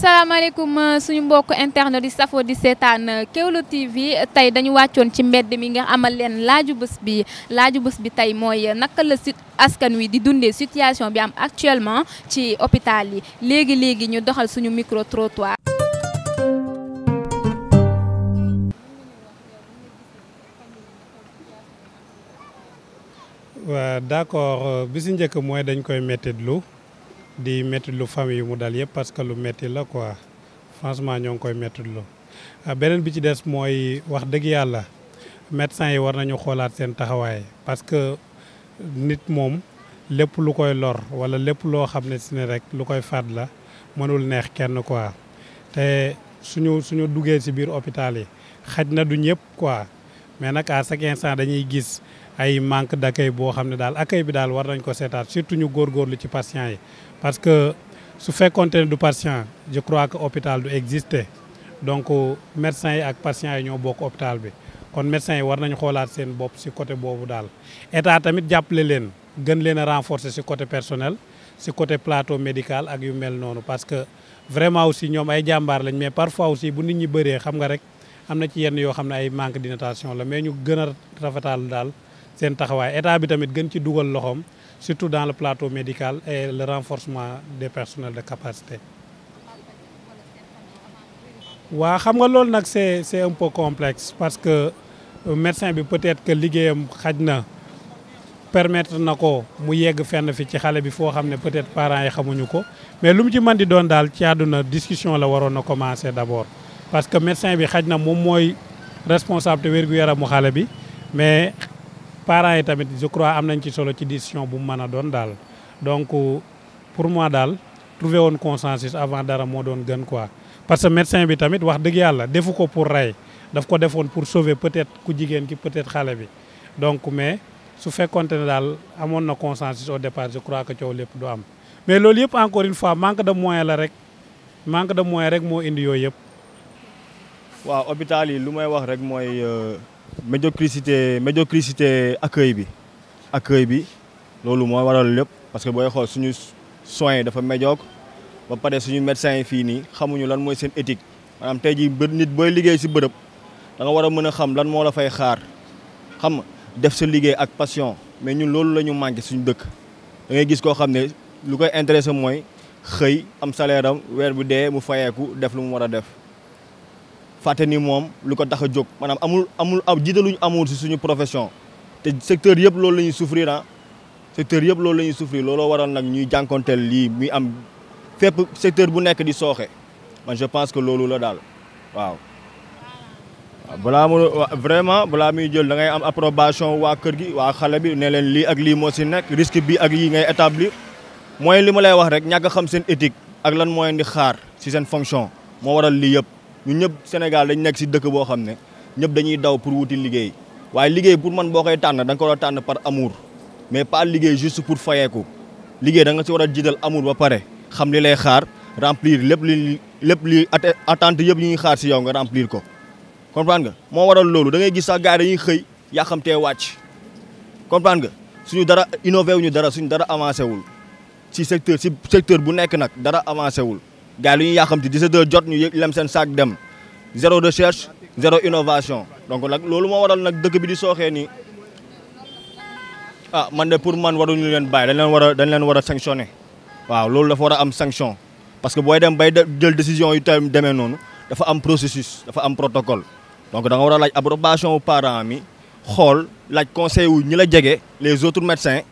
asalaamaaleykum euh, suñu mbokk internet di safo di seetaan euh, Kéwoulo TV tey dañu wàccoon ci mbedd mi nga amal leen laaju bés bi laaju bés bi tey mooy euh, naka la si askan wi di dundee situation bi am actuellement ci hôpital yi léegi léegi ñu doxal suñu micro trottoir. waa d'accord bi si njëkk mooy dañ koy mettitlu di métti lu famille mu dal yëpp parce que lu métti la quoi franchement ñoo ngi koy métti lu ah, beneen bi ci des mooy wax dëgg yàlla médecin yi war nañu xoolaat seen taxawaay parce que nit moom lépp lu koy lor wala lépp loo xam ne si ne rek lu koy faat la mënul neex kenn quoi te suñu suñu duggee si biir hôpital yi xaj na du ñëpp quoi mais nag à dañuy gis ay manque d'accueil bo xamné dal ne accueil bi dal war nañ ko sétat surtout ñu lu ci patient yi parce que su fekkonte ne du patient je crois que hôpital du exister donc médecins yi ak patients yi ñoo bok hôpital bi kon médecins yi war nañ xoolaat seen bop ci côté bobu dal état tamit jàppale leen gën leen renforcer ci côté personnel ci côté plateau médical ak yu mel nonu parce que vraiment aussi ñom ay jambar lañ mais parfois aussi bu nit ñi bëree xam nga rek amna ci yenn yo xam ay manque d'inattention la mais ñu gën a rafetal sen taxawaay état bi tamit gën ci dougal loxom surtout dans le plateau médical et le renforcement des personnels de capacité. wa xam nga loolu nak c'est c'est un peu complexe parce que le euh, médecin bi peut-être que liggéeyam xajna permettre nako mu yegg fenn fi ci xalé bi fo xamné ne peut-être parents yi xamuñu ko mais lu ci mën di don dal ci aduna discussion la waro a commencer d'abord parce que médecin bi xajna mom moy responsable de wergu gu yaramu xalé bi mais parents yi tamit je crois am nañ ci solo ci décision bu mu mën a donc pour moi dal trouver woon consensus avant dara moo doon gën quoi parce que médecin bi tamit wax dëgg yàlla defu ko pour rey daf ko pour sauver peut-être ku jigéen ki peut-être xale bi donc mais su fekkonte dal daal amoon consensus au départ je crois que coow lépp du am mais loolu yëpp encore une fois manque de moyens la rek manque de moyens rek moo indi yooyu wa waaw hôpital yi lu may wax rek mooy. Euh, médiocrité médiocrité accueil bi accueil bi lolou parce que boy xol suñu soins dafa médiocre ba médecins yi finis, xamuñu lan pas éthique manam nit da nga wara a xam lan mo la fay xaar xam def sa liggéey ak passion mais ñun lolou lañu qui suñu dëkk da ngay gis ko xamné intéressé xey am salaire am ne bu pas mu def fàtte ni moom lu ko tax a amul amul aw jiitaluñu amul si suñu profession té secteur yëpp loolu lañuy souffrir hein secteur yëpp loolu lañuy souffrir looloo waral nak ñuy jankontel li mi am fépp secteur bu nek di soxé man je pense que loolu la dal waaw balaa mu vraiment balaa mi jël da ngay am approbation wa kër gi wa xalé bi ne leen lii ak li mo si nek risque bi ak lii ngay établir moy li ma lay wax rek ñàkk xam seen éthique ak lan moy di xaar ci seen fonction mo waral li yëpp ñu ñëpp Sénégal dañ nekk si dëkk boo xam ne ñëpp dañuy daw pour wuti liggéey waaye liggéey pour man boo koy tànn da nga ko war a tànn par amour mais pas liggéey juste pour fayeeku liggéey da nga si war a jiital amour ba pare xam li lay xaar remplir lépp li lépp li attente yëpp ñu ngi xaar si yow nga remplir ko comprendre nga moo waral loolu da ngay gis sax gars yi dañuy xëy yàqamtee wàcc comprendre nga suñu dara innové wuñu dara suñu dara avancé wul si secteur si secteur bu nekk nag dara avancé wul gars lu ñu yaxam ci 17h jot ñu lam sen sac dem zéro recherche zéro innovation donc nak lolu mo waral nak dëkk bi di soxé ni ah man de pour man waru ñu leen bay dañ leen wara dañ leen wara sanctionner waaw lolu dafa wara am sanction parce que boy dem bay jël décision yu tam démé nonu dafa am processus dafa am protocole donc da nga wara laaj approbation aux parents mi xol laaj conseil wu ñi la jégué les autres médecins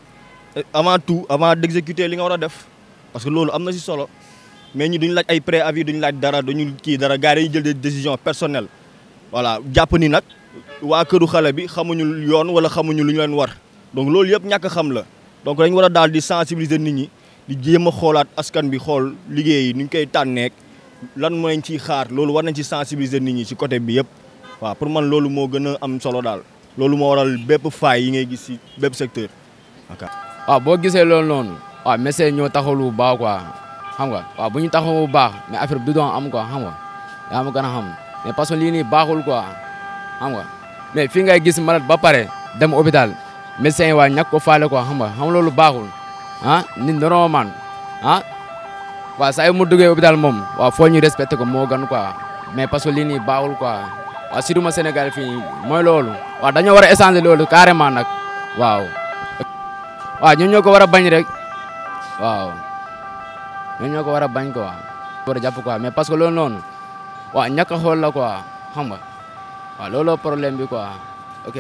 eh, avant tout avant d'exécuter li nga wara def parce que lolu amna ci solo mais ñu duñ laaj ay préavis duñ laaj dara duñu kii dara gars yi dañuy jël des décisions personnelles voilà jàpp ni nag waa këru xale bi xamuñu yoon wala xamuñu lu ñu leen war donc loolu yëpp ñàkk xam la donc dañ war a daal di sensibiliser nit ñi di jéem a xoolaat askan bi xool liggéey yi ni ñu koy tànneek lan mooy ñu ciy xaar loolu war nañ ci sensibiliser nit ñi ci côté bi yëpp waaw pour man loolu moo gën a am solo daal loolu moo waral bépp faay yi ngay gis ci bépp secteur. Ah, boo gisee loolu noonu. waaw ah, message ñoo taxawlu bu xam nga waaw bu ñu taxaw bu baax mais affaire bi du doon am quoi xam nga yaa ma gën a xam mais parce que lii nii baaxul quoi xam nga mais fii ngay gis malade ba pare dem hôpital médecin yi waa ñàkk ko faale quoi xam nga xam loolu baaxul ah nit normalement ah waaw saa mu duggee hôpital moom waaw foo ñu respecté ko moo gën quoi mais parce que lii nii baaxul quoi waaw surtout ma Sénégal fii mooy loolu waaw dañoo war a échanger loolu carrément nag waaw waaw ñun ñoo ko war a bañ rek waaw ñoo ko war a bañ quoi war a jàpp quoi mais parce que loolu noonu waaw ñàkk xool la quoi xam nga waaw looloo problème bi quoi ok.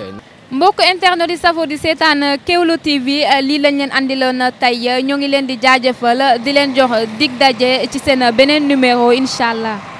mbokk internet di safo di seetaan eh, Kewlu TV eh, lii lañ leen andiloon tey eh, ñoo ngi leen di jaajëfal di leen jox dig daje ci seen beneen numéro incha allah.